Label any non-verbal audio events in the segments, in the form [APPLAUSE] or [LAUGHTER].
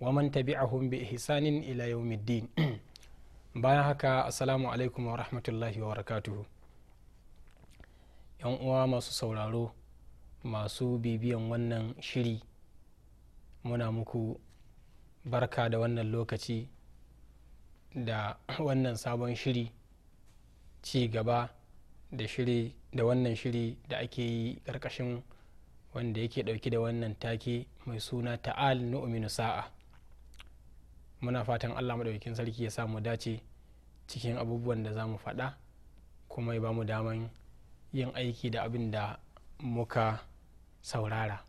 wa man tabi'ahum bi ihsanin ila yawmiddin [CLEARS THROAT] bayan haka assalamu alaikum wa rahmatullahi wa barakatuhu yan uwa masu sauraro masu bibiyan wannan shiri muna muku barka da wannan lokaci da [CLEARS THROAT] wannan sabon shiri ci gaba da shiri da wannan shiri da ake yi karkashin wanda yake dauki da wannan take mai suna ta'al nu'minu sa'a muna fatan allah maɗaukakin sarki ya samu dace cikin abubuwan da za mu faɗa kuma ya ba mu daman yin aiki da abin da muka saurara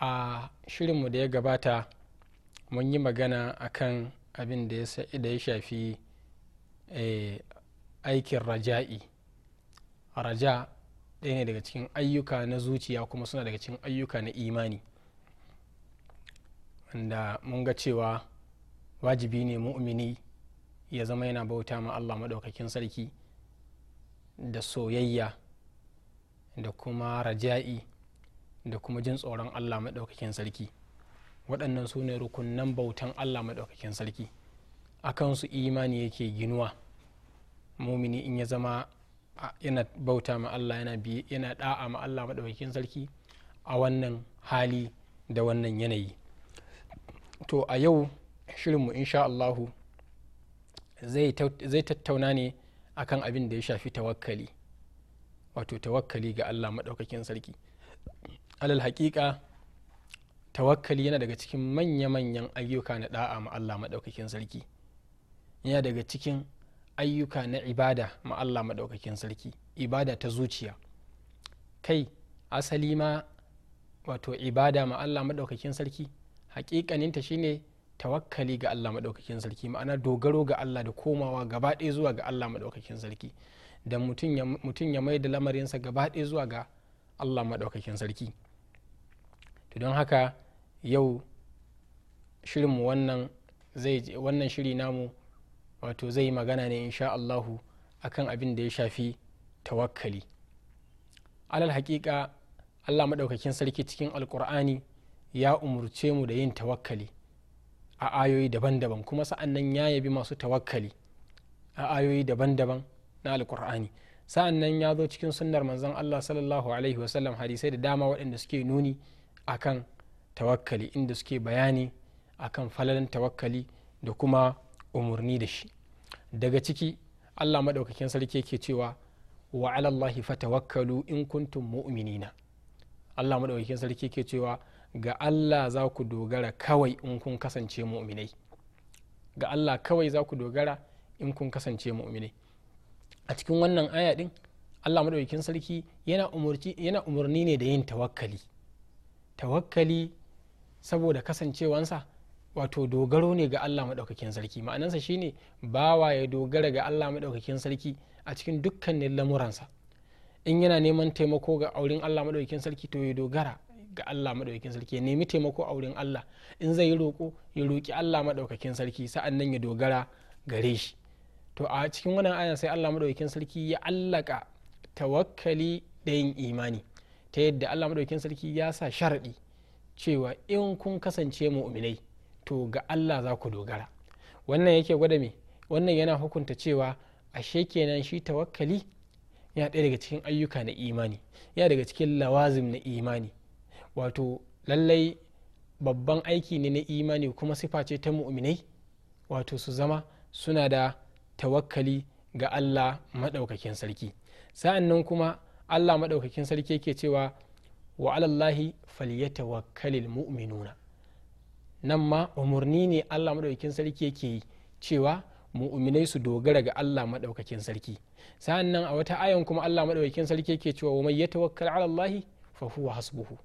a shirinmu da ya gabata mun yi magana akan abin da ya shafi eh, aikin raja'i raja ɗaya ne daga cikin ayyuka na zuciya kuma suna daga cikin ayyuka na imani wanda mun ga cewa wajibi ne mu'mini ya zama yana bauta ma allah maɗaukakin sarki da soyayya da kuma raja'i da kuma jin tsoron allah maɗaukakin sarki waɗannan su ne rukunan bautan allah maɗaukakin sarki akan su imani yake ginuwa mumini in ya zama yana bauta ma allah yana da'a ma allah maɗaukakin sarki a wannan hali da wannan yanayi to a yau shirinmu insha Allahu zai tattauna ne akan abin da ya shafi tawakkali wato tawakkali ga Allah maɗaukakin sarki alal haƙiƙa tawakkali yana daga cikin manya-manyan ayyuka na da'a ma Allah maɗaukakin sarki yana daga cikin ayyuka na ibada ma Allah maɗaukakin sarki ibada ta zuciya kai asali ma wato ibada ma Allah maɗaukakin sarki hakikaninta shine tawakkali ga Allah maɗaukakin sarki ma'ana dogaro ga Allah da komawa gaba ɗaya zuwa ga Allah maɗaukakin sarki da mutum ya mai da lamarinsa gaba ɗaya zuwa ga Allah maɗaukakin sarki to don haka yau shirinmu wannan wannan shiri namu wato zai yi magana ne insha Allahu akan abin da ya shafi tawakkali alal haƙiƙa Allah maɗaukakin sarki cikin alƙur'ani ya umurce mu da yin tawakkali a ayoyi daban-daban kuma sa'annan ya yabi masu tawakkali a ayoyi daban-daban na alkur'ani sa'annan ya zo cikin sunnar manzon Allah sallallahu alaihi wasallam hadisai da dama waɗanda suke nuni akan tawakkali inda suke bayani akan falalin tawakkali da kuma umarni da shi daga ciki Allah maɗaukakin sarki yake cewa wa fa fatawakkalu in kuntum mu'minina Allah maɗaukakin sarki yake cewa ga allah za ku dogara kawai in kun kasance mu'minai ga allah kawai za ku dogara in kun kasance mu'minai a cikin wannan aya din allah madaukakin sarki yana umarni ne da yin tawakkali tawakkali saboda kasancewansa wato dogaro ne ga allah maɗaukakin sarki ma'anansa shine bawa ya dogara ga allah maɗaukakin sarki a cikin dukkanin lamuransa in yana neman taimako ga aurin allah maɗaukakin sarki to ya dogara ga Allah madaukakin sarki ya nemi taimako a wurin Allah in zai yi roƙo ya roƙi Allah madaukakin sarki sa'an nan ya dogara gare shi to a cikin wannan ayan sai Allah madaukakin sarki ya allaka tawakkali da yin imani ta yadda Allah madaukakin sarki ya sa sharadi cewa in kun kasance mu'minai to ga Allah za ku dogara wannan yake gwada me wannan yana hukunta cewa ashe kenan shi tawakkali ya ɗaya daga cikin ayyuka na imani yana daga cikin lawazim na imani wato lallai babban aiki ne na imani kuma sifa ce ta mu'minai wato su zama suna da tawakkali ga allah maɗaukakin sarki sa'an nan kuma allah maɗaukakin sarki yake cewa wa alallahi falyatawakkalil mu'minuna nan ma umarni ne allah maɗaukakin sarki yake yi cewa mu'minai su dogara ga allah maɗaukakin sarki sa'an nan a wata ayan kuma allah maɗaukakin sarki yake cewa wa mai yatawakkal alallahi fa huwa hasbuhu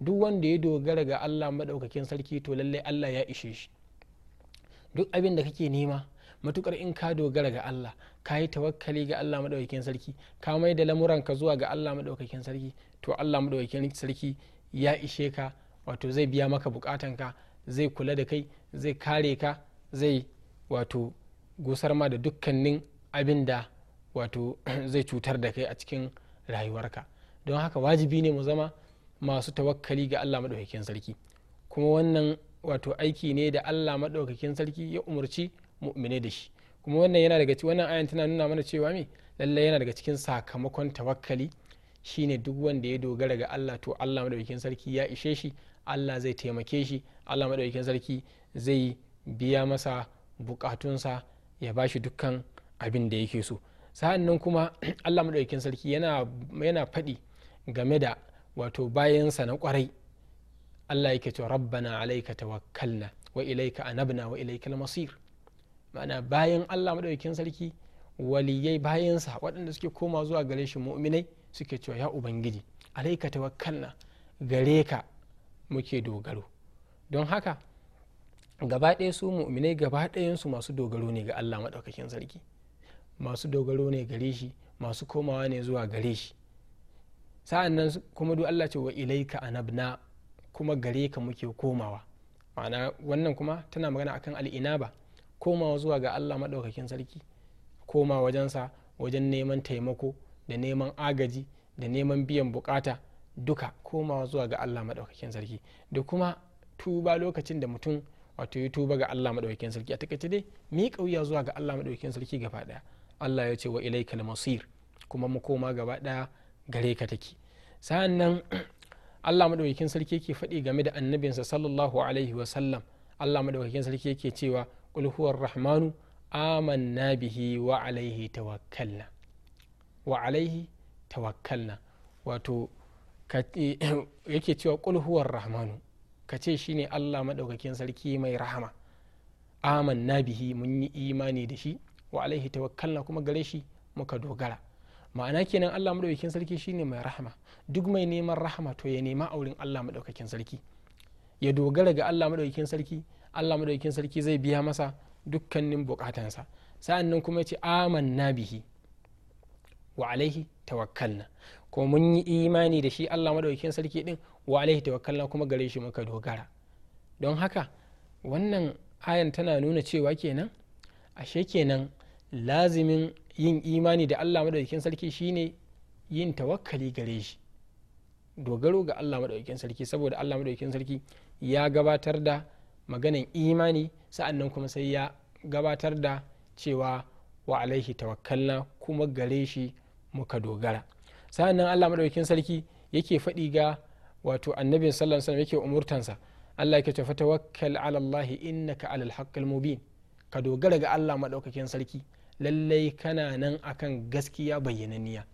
duk wanda ya dogara ga Allah maɗaukakin sarki to lallai Allah ya ishe shi duk abin da kake nema matukar in ka dogara ga Allah ka yi tawakkali ga Allah maɗaukakin sarki ka mai da lamuranka zuwa ga Allah maɗaukakin sarki to Allah maɗaukakin sarki ya ishe ka wato zai biya maka bukatanka zai kula da kai zai kare ka zai wato gusar ma da dukkanin abin da wato [CLEARS THROAT] zai cutar da kai a cikin rayuwarka don haka wajibi ne mu zama masu tawakkali ga allah maɗaukakin sarki kuma wannan wato aiki ne da allah maɗaukakin sarki ya umarci mu'mine da shi kuma wannan yana daga wannan ayan tana nuna mana cewa me lallai yana daga cikin sakamakon tawakkali shine duk wanda ya dogara ga allah to allah maɗaukakin sarki ya ishe shi allah zai taimake shi allah maɗaukakin sarki zai biya masa bukatunsa ya bashi dukkan abin da yake so sa'an nan kuma [CLEARS THROAT] allah maɗaukakin sarki yana faɗi game da wato bayansa na kwarai allah yake cewa rabbana alaika tawakkalna wa ilaika anabna wa ilaika masir ma'ana bayan allah madaukakin sarki waliyai bayansa waɗanda suke koma zuwa gare shi mu'minai suke cewa ya ubangiji alaika tawakkalna gare ka muke dogaro don haka gaba ɗaya su mu'minai gaba ɗayansu masu dogaro ne ga allah maɗaukakin sarki masu dogaro ne gare shi masu komawa ne zuwa gare shi sa'an nan kuma duk Allah ce wa ilaika anabna kuma gare ka muke komawa ma'ana wannan kuma tana magana akan al'inaba komawa zuwa ga Allah maɗaukakin sarki koma wajensa wajen neman taimako da neman agaji da neman biyan bukata duka komawa zuwa ga Allah maɗaukakin sarki da kuma tuba lokacin da mutum wato ya tuba ga Allah maɗaukakin sarki a takaice dai mi kauya zuwa ga Allah maɗaukakin sarki gaba ɗaya Allah ya ce wa ilaikal masir kuma mu koma gaba ɗaya gare ka take sa'an nan [CLEARS THROAT] allah maɗaukakin sarki ke faɗi game da annabinsa sallallahu alaihi wasallam allah maɗaukakin sarki yake cewa ƙulhuwar rahmanu rahmanu na bihi wa alaihi tawakkalna wa alaihi tawakkalna wato [CLEARS THROAT] yake cewa ƙulhuwar rahmanu ka ce shi ne allah maɗaukakin sarki mai rahama Aman na bihi mun yi imani da shi wa alaihi tawakkalna kuma gare shi muka dogara ma'ana kenan Allah madaukakin sarki shine mai rahama duk mai neman rahama to ya nema auren Allah madaukakin sarki ya dogara ga Allah madaukakin sarki Allah madaukakin sarki zai biya masa dukkanin bukatansa sa'an nan kuma ya ce amanna bihi wa alaihi tawakkalna kuma mun yi imani da shi Allah madaukakin sarki din wa alaihi tawakkalna kuma gare shi muka dogara don haka wannan ayan tana nuna cewa kenan ashe kenan lazimin yin imani da allah maɗaukakin sarki shine yin tawakkali gare shi dogaro ga allah maɗaukakin sarki saboda allah maɗaukakin sarki ya gabatar da maganan imani sa'annan kuma sai ya gabatar da cewa wa alaihi tawakkalna kuma gare shi muka dogara sa'annan allah maɗaukakin sarki yake faɗi ga wato annabin sallallahu alaihi yake umurtansa allah yake ce tawakkal ala allah innaka alal haqqil mubin ka dogara ga allah maɗaukakin sarki lallai kana nan akan gaskiya bayyananniya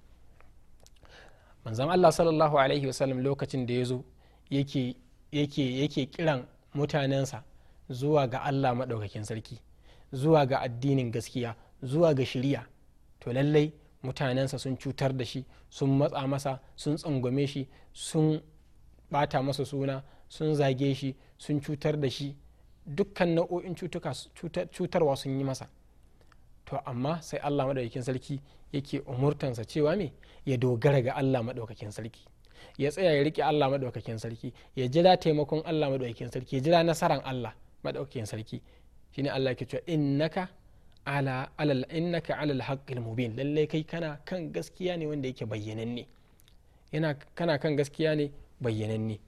manzon Allah sallallahu alaihi wasallam lokacin da ya zo yake yake yake kiran mutanensa zuwa ga Allah maɗaukakin sarki zuwa ga addinin gaskiya zuwa ga shiriya to lallai mutanensa sun cutar da shi sun matsa masa sun tsangwame shi sun bata masa suna sun zage shi sun cutar da shi dukkan nau'o'in cutarwa sun yi masa to amma sai allah maɗaukakin sarki yake umurtansa cewa me ya dogara ga allah maɗaukakin sarki ya tsaya ya riƙe allah maɗaukakin sarki ya jira taimakon allah maɗaukakin sarki ya jira nasaran allah maɗaukakin sarki shine allah ke cewa innaka ala alal innaka alal haqqil mubin lalle kai kana kan gaskiya ne wanda yake bayyananne yana kana kan gaskiya ne bayyananne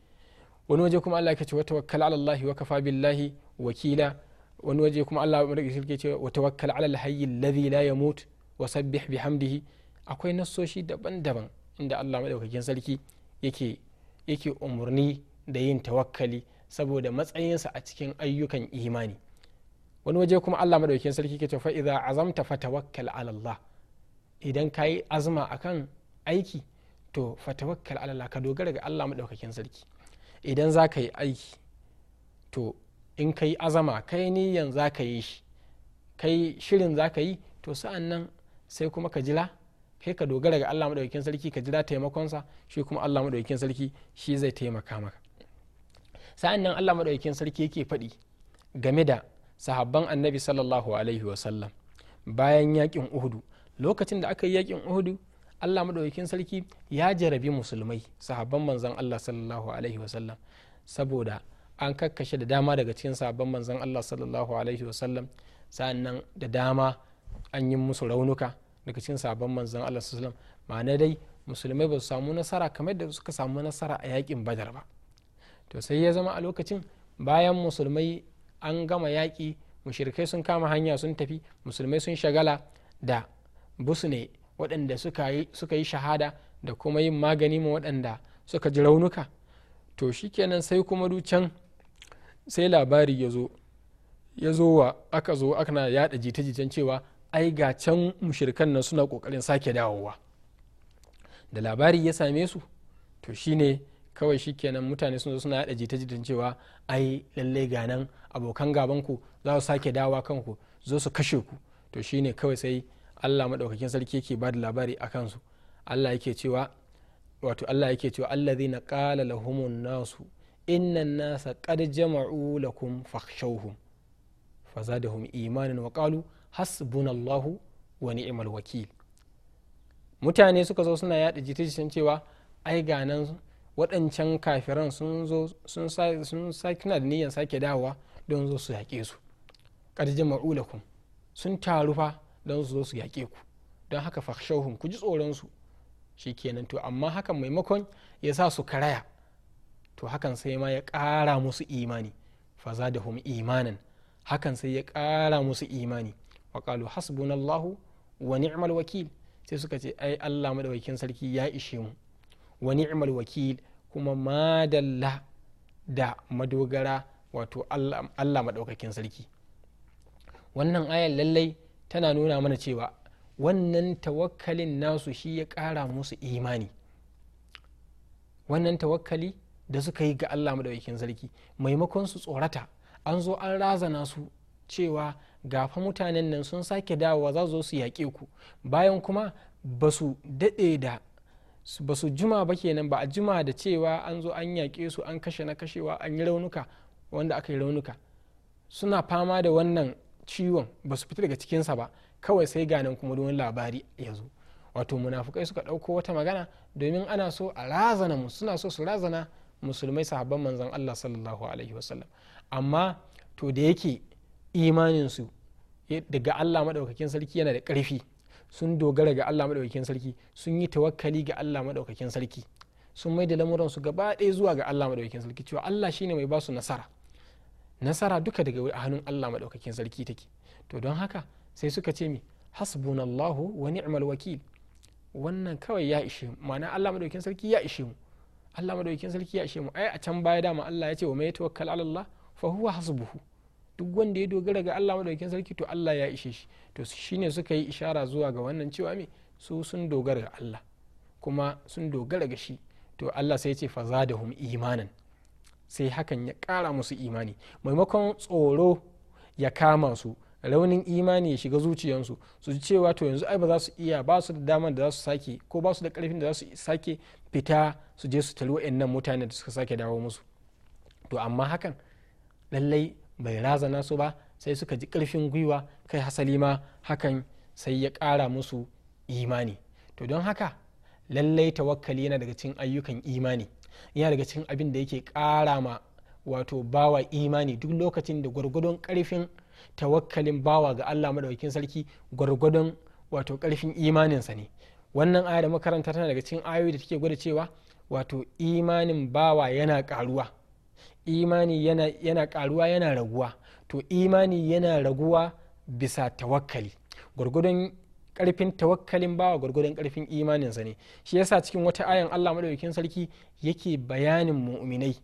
wani waje kuma allah ke cewa tawakkal ala allah wa kafa billahi wakila wani waje kuma Allah madaukakin sarki ya ce wa tawakkal ala alhayy alladhi la yamut wa sabbih bihamdihi akwai nassoshi daban-daban inda Allah madaukakin sarki yake yake umurni da yin tawakkali saboda matsayinsa a cikin ayyukan imani wani waje kuma Allah madaukakin sarki ke fa idza azamta fatawakkal ala Allah idan kayi azma akan aiki to fatawakkal ala Allah ka dogara ga Allah madaukakin sarki idan za ka yi aiki to in ka yi azama kai niyan za ka yi shi kai shirin za ka yi to sa'an nan sai kuma ka jira kai ka dogara ga allah maɗaukin sarki ka jira taimakonsa shi kuma allah maɗaukin sarki shi zai taimaka maka sa'an nan allah maɗaukin sarki yake faɗi game da sahabban annabi sallallahu alaihi wasallam bayan yakin uhudu lokacin da aka yi yakin uhudu allah maɗaukin sarki ya jarabi musulmai sahabban manzon allah sallallahu alaihi wasallam saboda an kakkashe da dama daga cikin sabon manzon allah sallallahu alaihi wasallam sa'annan da dama an yi musu raunuka daga cikin sabon manzon allah sallallahu ma'ana dai musulmai ba su samu nasara kamar da suka samu nasara a yakin badar ba to sai ya zama a lokacin bayan musulmai an gama yaƙi mushirikai sun kama hanya sun tafi musulmai sun shagala da busne waɗanda suka yi shahada da kuma yin magani ma waɗanda suka ji raunuka to shikenan sai kuma ducan sai labari ya zo ya zo wa aka zo aka na yada jita-jitan cewa ai ga can mushirkan nan suna kokarin sake dawowa da labari ya same su to shine kawai kenan mutane sun zo suna yada jita-jitan cewa ai lallai ga nan abokan gabanku za su sake dawa kanku zo su kashe ku to shine kawai sai allah maɗaukakin sarki yake ba da labari a kansu allah yake cewa wato allah yake cewa na qala lahumun nasu innan nasa qad jama'u za fakhshawhum fazadahum imanin wa qalu hasbunallahu wa ni'mal wakil mutane suka zo suna yaɗa jita cewa ai ga nan waɗancan kafiran sun zo sun suna da niyyar sake dawowa don zo su yaƙe su qad jama'u sun taru fa don su zo su yaƙe ku don haka fashahun ku ji tsoron su shi kenan to amma hakan maimakon ya sa su karaya to hakan sai ma ya ƙara musu imani faza da hum imanan hakan sai ya ƙara musu imani wa ƙalu hasbunallahu wa ni'mal wakil sai suka ce ai Allah madawakin sarki ya ishe mu wa ni'mal wakil kuma madalla da madogara wato Allah madaukakin sarki wannan ayan lallai tana nuna mana cewa wannan tawakkalin nasu shi ya ƙara musu imani wannan tawakkali da suka yi ga Allah madaukakin zarki maimakon su tsorata an zo an razana su cewa gafa mutanen nan sun sake dawowa za zo su yaƙe ku bayan kuma ba su daɗe da ba su juma ba kenan ba a juma da cewa an zo an yaƙe su an kashe na kashewa an yi raunuka wanda aka yi raunuka suna fama da wannan ciwon ba su fita daga cikinsa ba kawai sai ganin kuma don labari ya zo wato munafukai suka ɗauko wata magana domin ana so a razana mu suna so su razana musulmai sahabban manzan Allah sallallahu alaihi wasallam amma to da yake imaninsu daga Allah maɗaukakin sarki yana da ƙarfi sun dogara ga Allah maɗaukakin sarki sun yi tawakkali ga Allah maɗaukakin sarki sun mai da lamuransu gaba ɗaya zuwa ga Allah maɗaukakin sarki cewa Allah shine mai basu nasara nasara duka daga hannun Allah maɗaukakin sarki take to don haka sai suka ce mi hasbunallahu wa ni'mal wakil wannan kawai ya ishe mu ma'ana Allah maɗaukakin sarki ya ishe mu Allah madaukakin sarki ya ashe mu ai a can baya dama Allah ya ce wa mai tawakkal ala Allah fa huwa hasbuhu duk wanda ya dogara ga Allah madaukakin sarki to Allah ya ishe shi to shine suka yi ishara zuwa ga wannan cewa me su sun dogara ga Allah kuma sun dogara ga shi to Allah sai ya ce fa zadahum imanan sai hakan ya kara musu imani maimakon tsoro ya kama su raunin imani ya shiga zuciyansu su ji cewa to yanzu ai ba za su iya ba su da damar da za su sake ko ba su da karfin da za su sake fita su je su tali nan mutane da suka sake dawo musu to amma hakan lallai bai razana su ba sai suka ji karfin gwiwa kai hasali ma hakan sai ya kara musu imani to don haka lallai tawakkali yana daga cikin ayyukan imani yana daga cikin abin da yake kara ma wato bawa imani duk lokacin da gwargwadon karfin tawakkalin bawa ga Allah madaukakin sarki gwargwadon wato karfin imaninsa ne wannan aya da makaranta tana daga cikin ayoyi da take gwada cewa wato imanin bawa yana karuwa imani yana, yana karuwa yana raguwa to imani yana raguwa bisa tawakkali gwargwadon karfin tawakkalin bawa gwargwadon karfin imaninsa ne shi yasa cikin wata ayan Allah madaukakin sarki yake bayanin mu'minai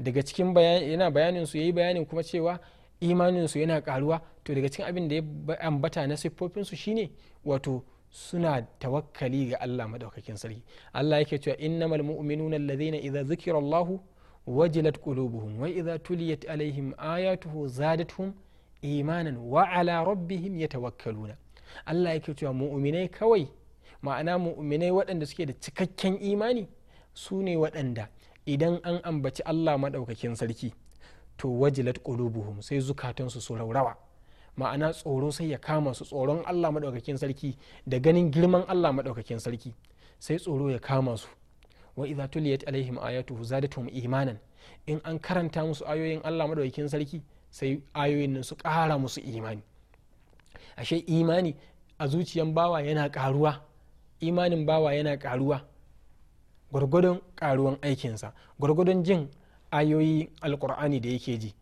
daga cikin yana bayanin su yayi bayanin kuma cewa imaninsu yana karuwa to daga cikin abin da ya ambata na siffofinsu shine wato suna tawakkali ga Allah madaukakin sarki Allah yake cewa innamal mu'minuna alladhina idza zikira Allah wajilat qulubuhum wa idza tuliyat alaihim ayatuhu zadatuhum imanan wa ala rabbihim yatawakkaluna Allah yake cewa mu'minai kawai ma'ana mu'minai waɗanda suke da cikakken imani su ne waɗanda idan an ambaci Allah madaukakin sarki to wajilat qulubuhum sai zukatansu su raurawa ma'ana tsoro sai ya kama su tsoron Allah madaukakin sarki da ganin girman Allah madaukakin sarki sai tsoro ya kama su wa idza tuliyat alaihim ayatuhu zadatuhum imanan in an karanta musu ayoyin Allah madaukakin sarki sai ayoyin nan su kara musu imani ashe imani a zuciyan bawa yana ƙaruwa imanin bawa yana ƙaruwa gwargwadon ƙaruwan aikinsa gwargwadon jin ayoyi alkur'ani da yake ji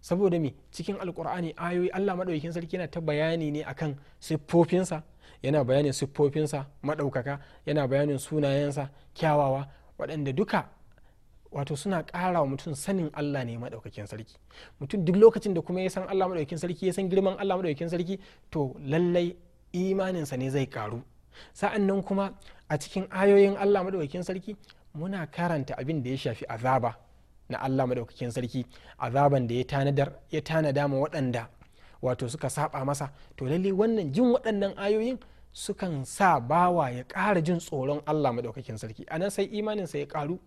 saboda me cikin alkur'ani ayoyi allah maɗaukin sarki yana ta bayani ne akan siffofinsa yana bayanin siffofinsa maɗaukaka yana bayanin sunayensa kyawawa waɗanda duka wato suna ƙara wa mutum sanin allah ne maɗaukakin sarki mutum duk lokacin da kuma ya san allah maɗaukin sarki ya san girman allah maɗaukin sarki to lallai imaninsa ne zai ƙaru sa'an nan kuma a cikin ayoyin allah maɗaukin sarki muna karanta abin da ya shafi azaba na Allah maɗaukakin sarki azaban da ya tanadar ya tanada ma waɗanda wato suka saba masa to lalle wannan jin waɗannan ayoyin sukan sa bawa ya ƙara jin tsoron Allah maɗaukakin sarki anan sai imaninsa ya ƙaru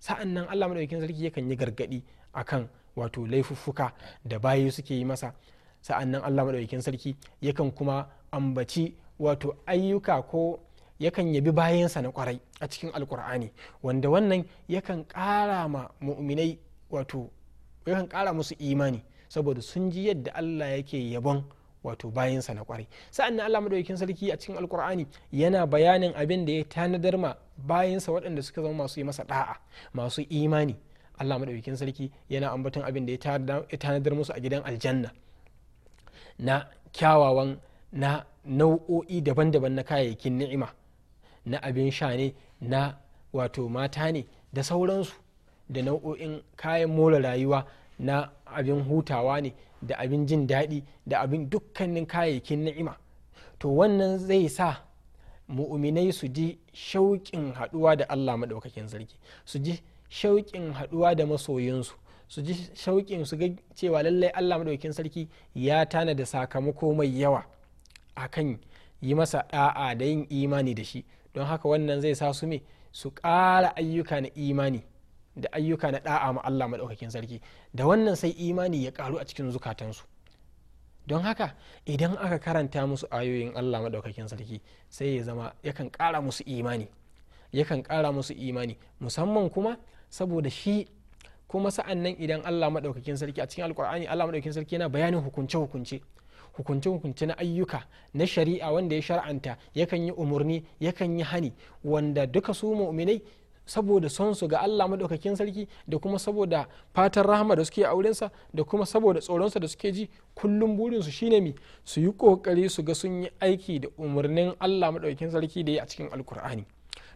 sa'an nan Allah madaukakin sarki yakan yi gargaɗi akan wato laifuffuka da bayi suke yi masa sa'an nan Allah madaukakin sarki yakan kuma ambaci wato ayyuka ko yakan yabi bayansa na kwarai a cikin alkur'ani wanda wannan yakan ƙara ma mu'minai wato yakan kara musu imani saboda sun ji yadda Allah yake yabon wato bayansa na kwarai sa'an nan Allah madaukakin sarki a cikin alkur'ani yana bayanin abin da ya tanadar ma bayansa waɗanda suka zama masu yi masa da'a masu imani Allah madaukakin sarki yana ambaton abin da ya tanadar musu a gidan aljanna na kyawawan na nau'o'i daban-daban na kayayyakin ni'ima na abin sha ne na wato mata ne da sauransu da nau'o'in kayan more rayuwa na abin hutawa ne da abin jin daɗi da abin dukkanin kayayyakin na'ima to wannan zai sa mu'uminai su ji shauƙin haɗuwa da allah maɗaukakin sarki su ji shauƙin haɗuwa da masoyinsu su ji shauƙin su ga cewa lallai allah maɗaukakin sarki ya tana da sakamako mai yawa akan yi masa ɗa'a da yin imani da shi don haka wannan zai sa su me su ƙara ayyuka na imani da ayyuka na da'a ma Allah maɗaukakin sarki da wannan sai imani ya ƙaru a cikin zukatansu don haka idan aka karanta musu ayoyin Allah maɗaukakin sarki sai ya zama yakan ƙara musu imani yakan ƙara musu imani musamman kuma saboda shi kuma sa'an nan idan Allah maɗaukakin sarki a cikin alƙur'ani Allah maɗaukakin sarki yana bayanin hukunce hukunce hukunce-hukunce na ayyuka na shari'a wanda ya shar'anta yakan yi umarni yakan yi hani wanda duka su mu'minai saboda son su ga Allah madaukakin sarki da kuma saboda fatan rahama da suke a sa da kuma saboda sa da suke ji kullum burin su shine mi su yi kokari su ga sun yi aiki da umarnin Allah madaukakin sarki da ya a cikin alkur'ani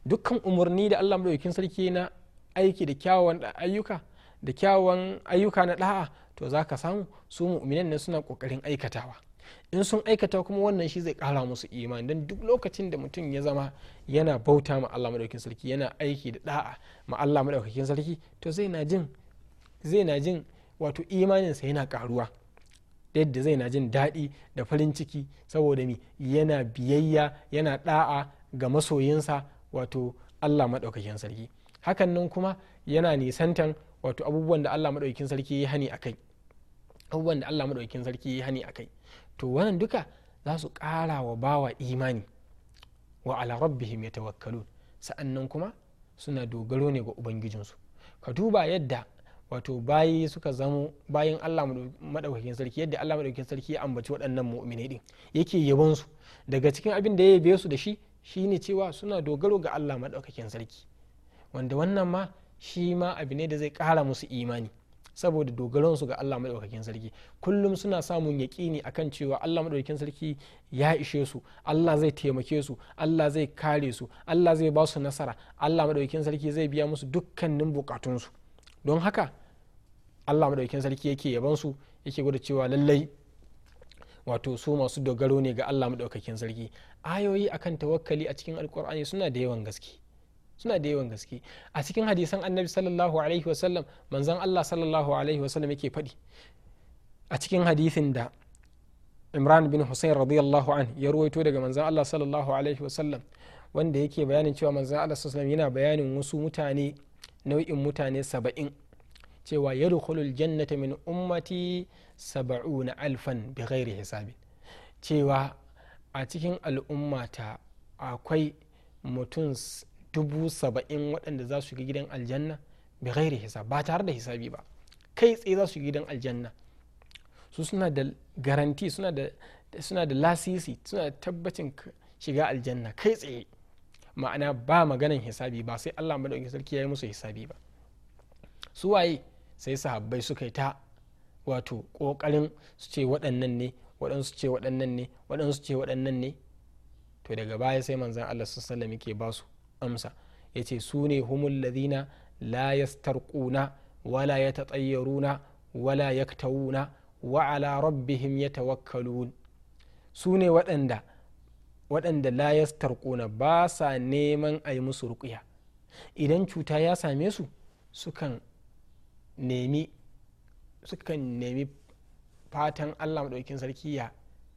dukkan umarni da Allah madaukakin sarki na aiki da kyawawan ayyuka da kyawawan ayyuka na da'a to zaka samu su mu'minan ne suna kokarin aikatawa in sun aikata kuma wannan shi zai kara musu imani don duk lokacin da mutum ya zama yana bauta ma Allah madaukakin sarki yana aiki da da'a ma Allah madaukakin sarki to zai na jin zai na jin wato imaninsa yana karuwa da yadda zai na jin daɗi da farin ciki saboda mi yana biyayya yana da'a ga masoyinsa wato Allah madaukakin sarki hakan nan kuma yana nisantan wato abubuwan da Allah madaukakin sarki ya hani akai abubuwan da Allah madaukakin sarki ya hani akai to wannan duka za su kara wa bawa imani wa ala rabbihim yatawakkalun sa'annan kuma suna dogaro ne ga ubangijinsu ka duba yadda wato bayi suka zamo bayan Allah madaukakin sarki yadda Allah madaukakin sarki ya ambaci waɗannan mu'minai din yake yabon su daga cikin abin da ya yabe su da shi shi ne cewa suna dogaro ga Allah madaukakin sarki wanda wannan ma shi ma abu ne da zai kara musu imani saboda dogaron su ga Allah maɗaukakin sarki kullum suna samun yaƙini akan cewa Allah madaukakin sarki ya ishe su Allah zai taimake su Allah zai kare su Allah zai ba su nasara Allah madaukakin sarki zai biya musu dukkanin bukatun su don haka Allah madaukakin sarki yake yaban su yake gwada cewa lallai wato su masu dogaro ne ga Allah maɗaukakin sarki ayoyi akan tawakkali a cikin alkur'ani suna da yawan gaske suna da yawan gaske a cikin hadisan annabi sallallahu alaihi wasallam manzon allah sallallahu alaihi wasallam yake faɗi a cikin hadisin da imran bin hussein radiyallahu an ya ruwaito daga manzon allah sallallahu alaihi wasallam wanda yake bayanin cewa manzon allah sallallahu alaihi yana bayanin wasu mutane nau'in mutane saba'in cewa ya dukulul jannata min ummati saba'una alfan bi ghairi hisabi cewa a cikin al'ummata akwai mutum dubu saba'in waɗanda za su shiga gidan aljanna bi ghairi hisab ba tare da hisabi ba kai tsaye za su yi gidan aljanna su suna da garanti suna da lasisi suna da tabbacin shiga aljanna kai tsaye ma'ana ba maganan hisabi ba sai Allah madaukakin sarki ya yi musu hisabi ba su waye sai sahabbai suka yi ta wato kokarin su ce waɗannan ne waɗansu ce waɗannan ne waɗansu ce waɗannan ne to daga baya sai manzan Allah sallallahu alaihi wasallam yake ba su amsa ya ce su ne humul ladina la yastarquna wala yatatayyaruna wala yaktawuna wa ala rabbihim yatawakkalun su ne waɗanda waɗanda la yastarquna ba sa neman a yi musu ruƙuya idan cuta ya same su sukan nemi fatan allah maɗaukin sarki ya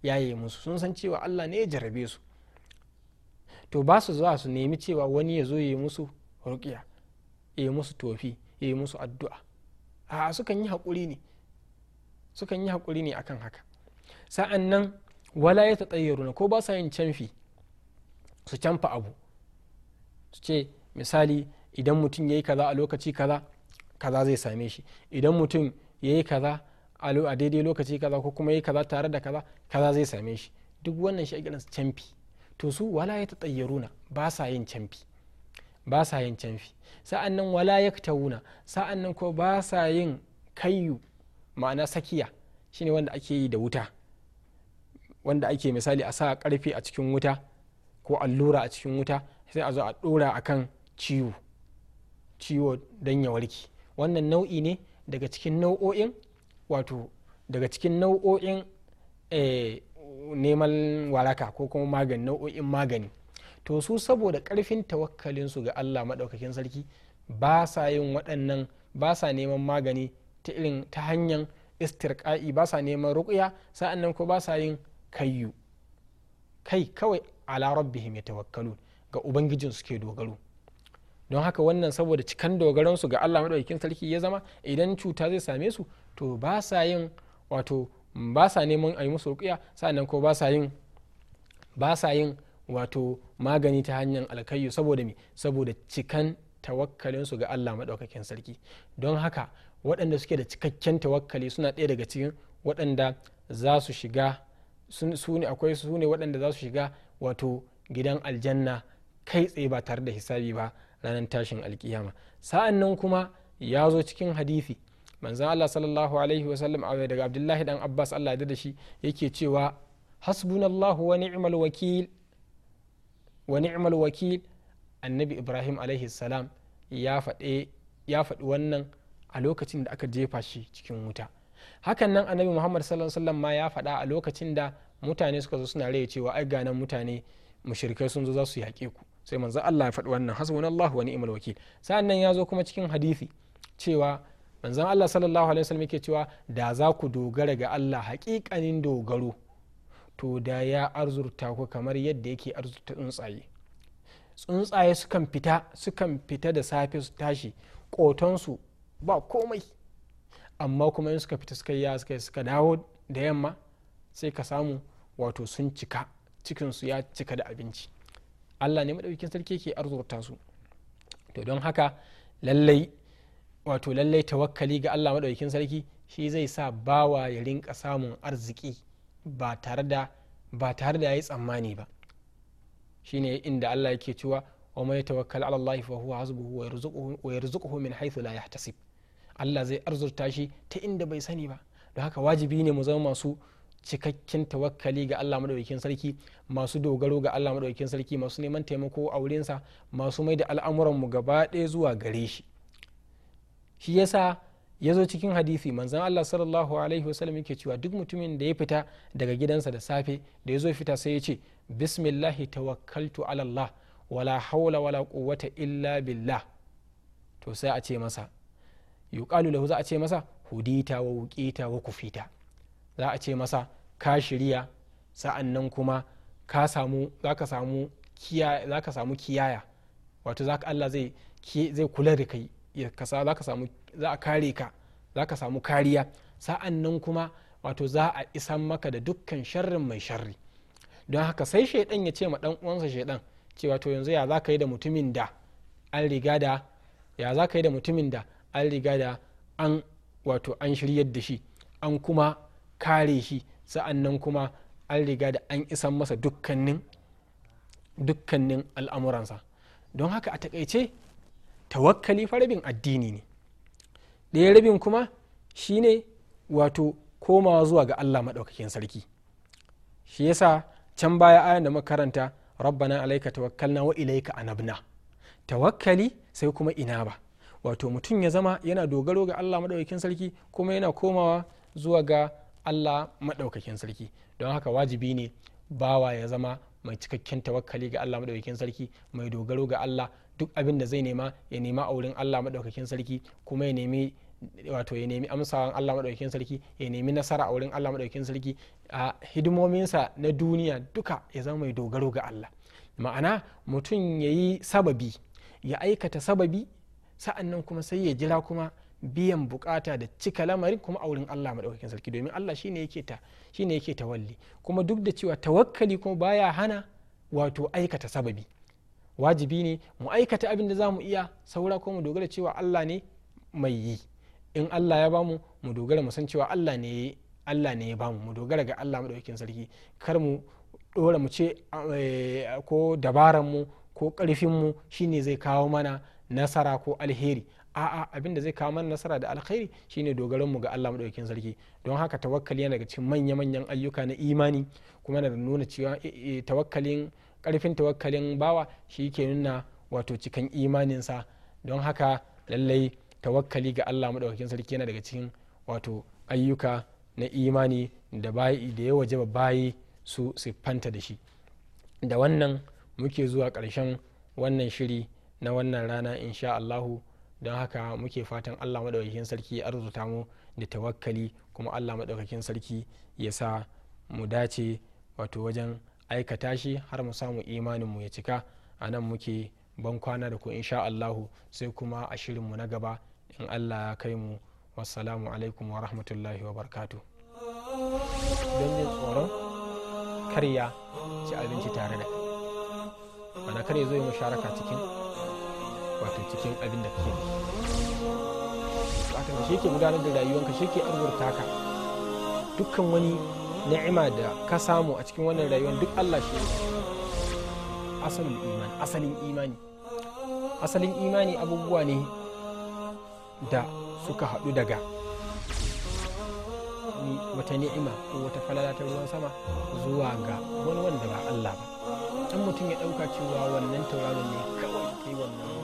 yaye musu sun san cewa allah ne ya jarabe su to ba su zuwa su nemi cewa wani ya zo ya yi musu rukiya ya yi musu tofi ya yi musu addu'a a sukan yi haƙuri ne sukan yi haƙuri ne akan haka sa'an nan wala ya ta na ko ba sa yin canfi su canfa abu su ce misali idan mutum ya yi kaza a lokaci kaza kaza zai same shi idan mutum ya yi kaza a daidai lokaci kaza ko kuma ya yi kaza tare da kaza kaza zai same shi duk wannan shi a canfi to su wala ya tatayyaruna ba sa yin canfi ba sa yin canfi sa'an nan wala ya sa'an nan ko ba sa yin kayu ma'ana sakiya shine wanda ake yi da wuta wanda ake misali a sa karfe a cikin wuta ko allura a cikin wuta sai a zo a dora akan ciwo ciwo don ya warki wannan nau'i ne daga cikin nau'o'in wato daga cikin nau'o'in eh, neman waraka ko kuma magani nau'o'in magani to su saboda karfin tawakkalinsu ga allah maɗaukakin sarki ba sa yin waɗannan ba sa neman magani ta irin ta hanyar istirka'i ba sa neman ruƙuya sa'annan ko ba sa yin kayyu kai kawai ala rabbihim tawakkalu ga ubangijin suke dogaro don haka wannan saboda cikan dogaransu ga allah maɗaukakin sarki ya zama idan cuta zai same su to ba sa yin wato ba sa neman a yi musu rukiya sa'annan ko ba sa yin wato magani ta hanyar alkayyu saboda me saboda cikan tawakkalin ga Allah maɗaukakin sarki don haka waɗanda suke da cikakken tawakkali suna ɗaya daga cikin waɗanda za su shiga su ne akwai su ne waɗanda za su shiga wato gidan aljanna kai tsaye ba tare da hisabi ba ranar tashin alkiyama sa'an kuma ya zo cikin hadithi manzan Allah sallallahu alaihi wasallam daga abdullahi dan abbas Allah ya da shi yake cewa hasbunallahu wa ni'mal wakil wa ni'mal wakil annabi ibrahim alaihi salam ya faɗi wannan a lokacin da aka jefa shi cikin wuta hakan nan annabi muhammad sallallahu alaihi wasallam ma ya faɗa a lokacin da mutane suka zo suna rage cewa ai ganan mutane mushrikai sun zo za su yaƙe ku sai manzo Allah ya faɗi wannan hasbunallahu wa ni'mal wakil sa'an nan ya zo kuma cikin hadisi cewa manzon Allah sallallahu alaihi wasallam yake cewa da za ku dogara ga Allah haƙiƙanin dogaro to da ya arzurta ku kamar yadda yake arzurta tsuntsaye tsuntsaye sukan fita sukan fita da safe su tashi kotonsu ba komai amma kuma in suka fita suka yi suka suka dawo da yamma sai ka samu wato sun cika cikinsu ya cika da abinci allah ne maɗaukin sarki ke arzurta su to don haka lallai wato lallai tawakkali ga allah maɗaukin sarki shi zai sa bawa ya rinka samun arziki ba tare da ba tare da ya yi tsammani ba shine inda allah yake cewa wa mai tawakkal ala allah fa huwa hasbuhu wa yarzuquhu min haythu la yahtasib allah zai arzurta shi ta inda bai sani ba don haka wajibi ne mu zama masu cikakken tawakkali ga Allah madaukakin sarki masu dogaro ga Allah madaukakin sarki masu neman taimako a wurinsa masu mai da al'amuranmu gaba ɗaya zuwa gare shi shi yasa ya zo cikin hadisi manzan allah sallallahu alaihi wasallam yake cewa duk mutumin da ya fita daga gidansa da safe da ya zo fita sai ya ce bismillahi tawakkaltu ala allah wala haula wala quwwata illa billah to sai a ce masa yuqalu lahu za a ce masa hudita wa wuqita wa kufita za a ce masa ka shirya sa'an nan kuma ka samu za ka samu kiyaya wato za Allah zai kula da kai ya za ka samu a kare ka za ka samu kariya sa'an nan kuma wato za a isan maka da dukkan sharrin mai sharri don haka sai shaidan ya ce ma dan uwansa shaidan cewa to yanzu ya za ka yi da mutumin da an riga da ya za ka yi da mutumin da an riga da an wato an shiryar da shi an kuma kare shi sa'an nan kuma an riga da an isan masa dukkanin dukkanin al'amuransa don haka a takaice tawakkali fa rabin addini ne ɗaya rabin kuma shine wato komawa zuwa ga allah maɗaukakin sarki shi yasa can baya ayan da makaranta rabbana alaika tawakkalna wa ilaika anabna tawakkali sai kuma ina ba wato mutum ya zama yana dogaro ga allah maɗaukakin sarki kuma yana komawa zuwa ga allah maɗaukakin sarki don haka wajibi ne bawa ya zama mai cikakken tawakkali ga allah maɗaukakin sarki mai dogaro ga allah duk abin da zai nema ya nema a wurin Allah maɗaukakin sarki kuma ya nemi wato ya nemi amsawan Allah maɗaukakin sarki ya nemi nasara a wurin Allah maɗaukakin sarki a hidimominsa na duniya duka ya zama mai dogaro ga Allah ma'ana mutum ya yi sababi ya aikata sababi sa'an nan kuma sai ya jira kuma biyan bukata da cika lamari kuma a wurin Allah maɗaukakin sarki domin Allah shine yake ta shine yake tawalli kuma duk da cewa tawakkali kuma baya hana wato aikata sababi wajibi ne mu aikata abin da za mu iya saura ko mu dogara cewa allah ne mai yi in allah ya bamu mu dogara mu san cewa allah ne allah ne ya bamu mu dogara ga allah maɗaukakin sarki kar mu ɗora mu ce eh, ko dabaran mu ko ƙarfin mu shine zai kawo mana nasara ko alheri a'a abin da zai kawo mana nasara da alkhairi shine dogaran mu ga Allah madaukakin sarki don haka tawakkali yana daga cikin manya manyan ayyuka na imani kuma na nuna cewa eh, eh, tawakkalin karfin tawakkalin bawa shi ke nuna wato cikin imaninsa don haka lallai tawakkali ga allah maɗaukakin sarki yana daga cikin wato ayyuka na imani da bayi da ya waje bayi su siffanta da shi da wannan muke zuwa ƙarshen wannan shiri na wannan rana insha allahu don haka muke fatan allah maɗaukakin sarki ya arzuta mu da tawakkali kuma allah maɗaukakin sarki ya sa mu dace wato wajen aikata shi har mu samu imaninmu ya cika a nan muke ban kwana da ku insha allahu sai kuma a shirinmu na gaba in allah ya kai mu wassalamu alaikum wa rahmatullahi wa barkatu don jin tsoron karya ci abinci tare da mana kar zo yi musharaka cikin wato cikin abin da kake da shi ke gudanar da rayuwanka shi ke arzurta ka dukkan wani ni'ima da ka samu a cikin wannan rayuwar duk Allah shi ne asalin imani asalin imani asalin imani abubuwa ne da suka haɗu daga wata ni'ima ko wata falala ta ruwan sama zuwa ga wani wanda ba Allah ba dan mutum ya ɗauka cewa wannan tauraron ne kawai kai wannan